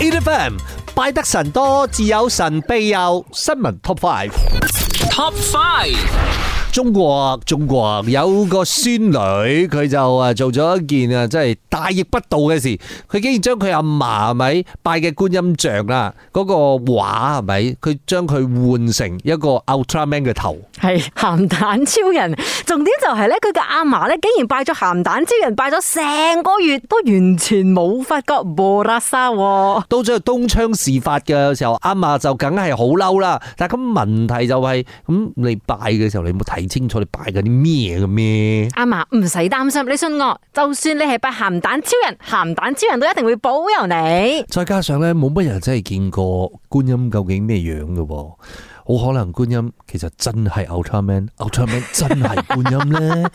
in the e 拜得神多自有神庇佑。新聞 Top Five，Top Five，中國中國有個孫女，佢就啊做咗一件啊真係大逆不道嘅事，佢竟然將佢阿嫲咪拜嘅觀音像啊嗰個畫係咪，佢將佢換成一個 Ultraman 嘅頭。係鹹蛋超人，重點就係、是、咧，佢嘅阿嫲咧竟然拜咗鹹蛋超人，拜咗成個月都完全冇發覺，冇理由。到咗東窗事發嘅時候，阿嫲就梗係好嬲啦。但係咁問題就係、是，咁你拜嘅時候，你冇睇清楚你拜緊啲咩嘅咩？阿嫲，唔使擔心，你信我，就算你係拜鹹蛋超人，鹹蛋超人都一定會保佑你。再加上咧，冇乜人真係見過觀音究竟咩樣嘅。好可能觀音其實真係 outman，outman 真係觀音咧。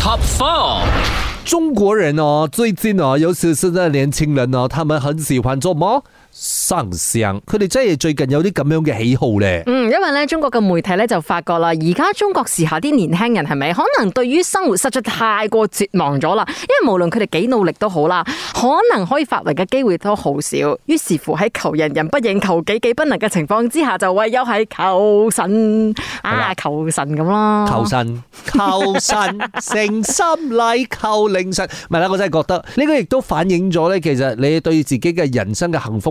Top four， 中國人哦、啊，最近哦、啊，尤其是呢年輕人哦、啊，他們很喜歡做乜？生聲，佢哋真係最近有啲咁樣嘅喜好咧。嗯，因為咧，中國嘅媒體咧就發覺啦，而家中國時下啲年輕人係咪可能對於生活實在太過絕望咗啦？因為無論佢哋幾努力都好啦，可能可以發圍嘅機會都好少。於是乎喺求人人不應，求己己不能嘅情況之下，就唯有係求神啊，求神咁啦。求神，求神，誠心禮求靈神。唔係啦，我真係覺得呢個亦都反映咗咧，其實你對自己嘅人生嘅幸福。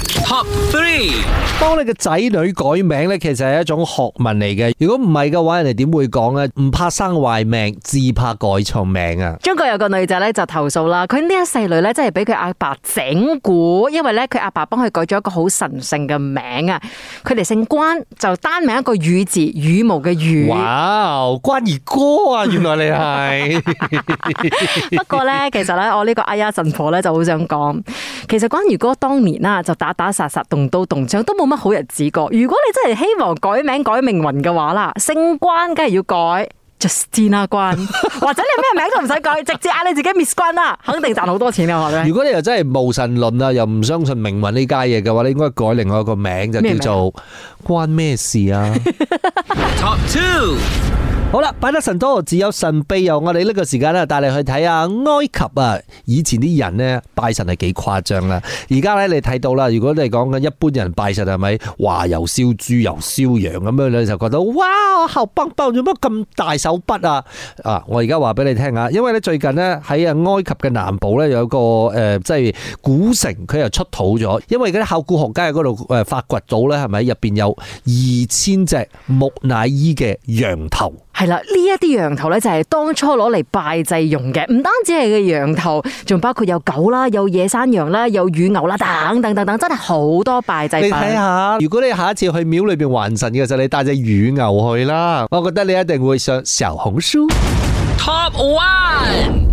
Top three，當你嘅仔女改名咧，其實係一種學問嚟嘅。如果唔係嘅話，人哋點會講咧？唔怕生壞命，只怕改錯名啊！中國有個女仔咧就投訴啦，佢呢一世女咧真係俾佢阿爸整蠱，因為咧佢阿爸幫佢改咗一個好神聖嘅名啊！佢哋姓關，就單名一個羽字，羽毛嘅羽。哇，關二哥啊！原來你係。不過咧，其實咧，我呢個哎呀神婆咧就好想講，其實關二哥當年啦就打打，打。殺殺動刀動槍都冇乜好日子過。如果你真係希望改名改命運嘅話啦，姓關梗係要改 Justin 阿關， 或者你咩名都唔使改， 直接嗌你自己 Miss 關啦，肯定賺好多錢啦。我覺得如果你又真係無神論啦，又唔相信命運呢家嘢嘅話，你應該改另外一個名就叫做關咩事啊？ Top Two 好啦，拜得神多，自有神庇佑。我哋呢個時間咧，帶你去睇下埃及啊，以前啲人呢，拜神係幾誇張啦。而家呢，你睇到啦，如果你講緊一般人拜神係咪，哇又燒豬又燒羊咁樣你就覺得哇，后崩崩做乜咁大手筆啊？啊，我而家話俾你聽下，因為呢，最近呢，喺啊埃及嘅南部呢，有個誒即係古城，佢又出土咗，因為嗰啲考古學家喺嗰度誒發掘到呢，係咪入邊有二千隻木乃伊嘅羊頭？係啦，呢一啲羊頭咧就係當初攞嚟拜祭用嘅，唔單止係個羊頭，仲包括有狗啦、有野山羊啦、有乳牛啦等等等等，真係好多拜祭。你睇下，如果你下一次去廟裏邊還神嘅時候，你帶隻乳牛去啦，我覺得你一定會上小紅書。Top one。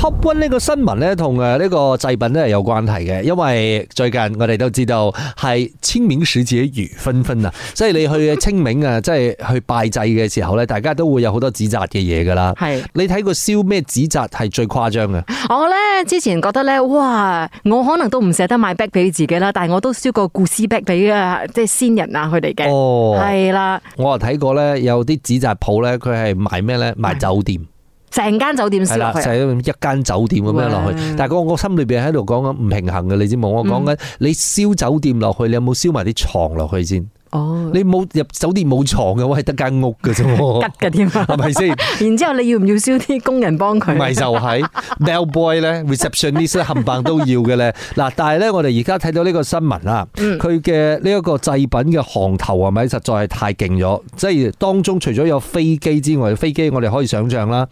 吸溫呢個新聞咧，同誒呢個祭品咧係有關係嘅，因為最近我哋都知道係清明時節雨紛紛啊，即係你去清明啊，嗯、即係去拜祭嘅時候咧，大家都會有好多紙紮嘅嘢噶啦。係是你睇過燒咩紙紮係最誇張嘅？我咧之前覺得咧，哇，我可能都唔捨得買 bag 俾自己啦，但係我都燒過 Gucci bag 俾啊，即係先人啊，佢哋嘅。哦，係啦。我又睇過咧，有啲紙紮鋪咧，佢係賣咩咧？賣酒店。 成間酒店燒落去，成一間酒店咁樣落去。 但係我我心裏邊喺度講緊唔平衡嘅，你知冇？我講緊你燒酒店落去，你有冇燒埋啲床落去先？哦你，你冇入酒店冇床嘅話，係得間屋嘅啫，吉嘅添啊，係咪先？然之後你要唔要燒啲工人幫佢？唔係 就係 bellboy 咧，receptionist 咧，冚棒 都要嘅咧。嗱，但係咧，我哋而家睇到呢個新聞啦，佢嘅呢一個製品嘅行頭係咪實在係太勁咗？即係當中除咗有飛機之外，飛機我哋可以想象啦，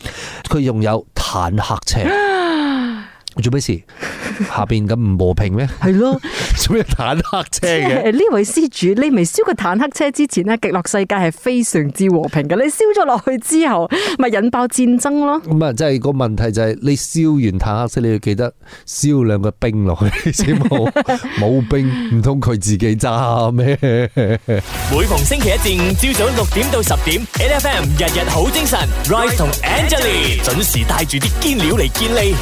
佢擁有坦克車。做咩事？下邊咁唔和平咩？係咯，做咩坦克車嘅？呢位施主，你未燒過坦克車之前咧，極樂世界係非常之和平嘅。你燒咗落去之後，咪引爆戰爭咯？唔係，即係個問題就係你燒完坦克車，你要記得燒兩個冰落去先好。冇冰，唔通佢自己揸咩？每逢星期一至五，朝早六點到十點，A F M 日日好精神，Ray 同 Angelina 準時帶住啲堅料嚟建立。